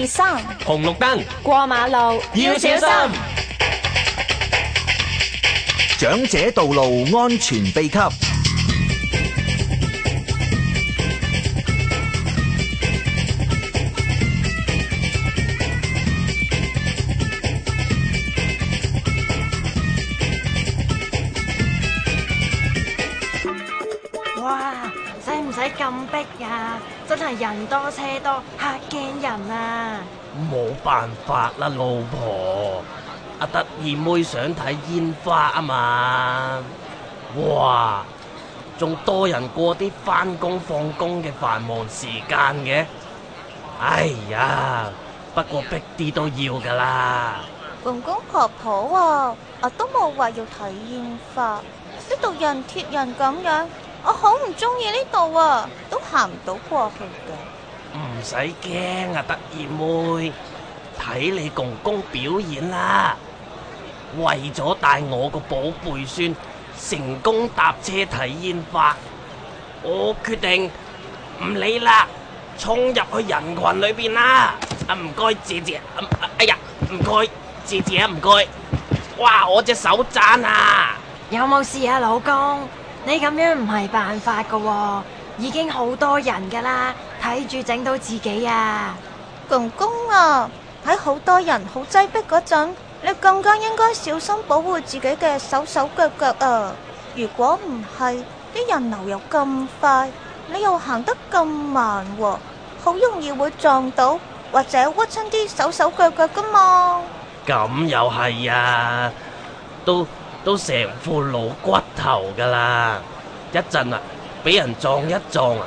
二三紅綠燈，過馬路要小心。長者道路安全秘笈。哇，使唔使咁逼啊？真係人多車多，吓驚人啊！冇辦法啦，老婆，阿、啊、得意妹想睇煙花啊嘛！哇，仲多人過啲返工放工嘅繁忙時間嘅。哎呀，不過逼啲都要㗎喇。公公婆婆啊，我都冇話要睇煙花，呢度人貼人咁樣，我好唔中意呢度啊，都行唔到過去嘅。唔使驚啊，得意妹，睇你公公表演啦！為咗帶我個寶貝孫成功搭車睇煙花，我決定唔理啦，衝入去人群裏邊啦！啊，唔該，姐、啊、姐，哎呀，唔該，姐姐啊，唔該！哇，我隻手踭啊！有冇事啊，老公？你咁樣唔係辦法噶、哦，已經好多人噶啦。睇住整到自己呀、啊，公公啊，喺好多人好擠迫嗰陣，你更加應該小心保護自己嘅手手腳腳啊！如果唔係，啲人流又咁快，你又行得咁慢，啊，好容易會撞到或者屈親啲手手腳腳噶嘛！咁又係啊！都都成副老骨頭噶啦，一陣啊，俾人撞一撞啊！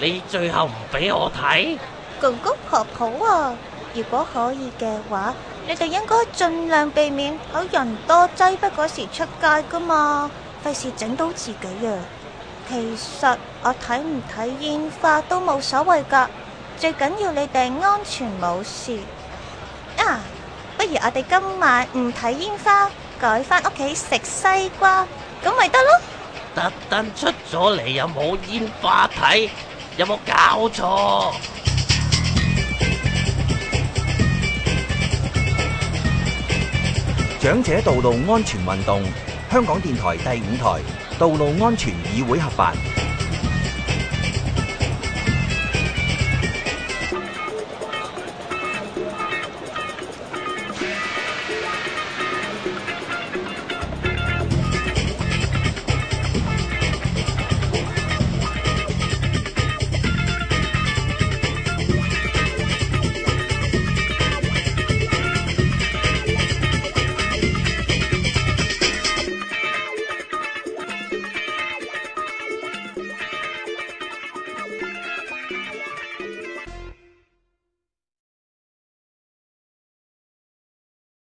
你最後唔俾我睇，公公婆婆啊！如果可以嘅話，你哋應該盡量避免喺人多擠迫嗰時出街噶嘛，費事整到自己啊！其實我睇唔睇煙花都冇所謂噶，最緊要你哋安全冇事啊！不如我哋今晚唔睇煙花，改返屋企食西瓜，咁咪得咯？特登出咗嚟，又冇煙花睇。有冇搞錯？長者道路安全運動，香港電台第五台，道路安全議會合辦。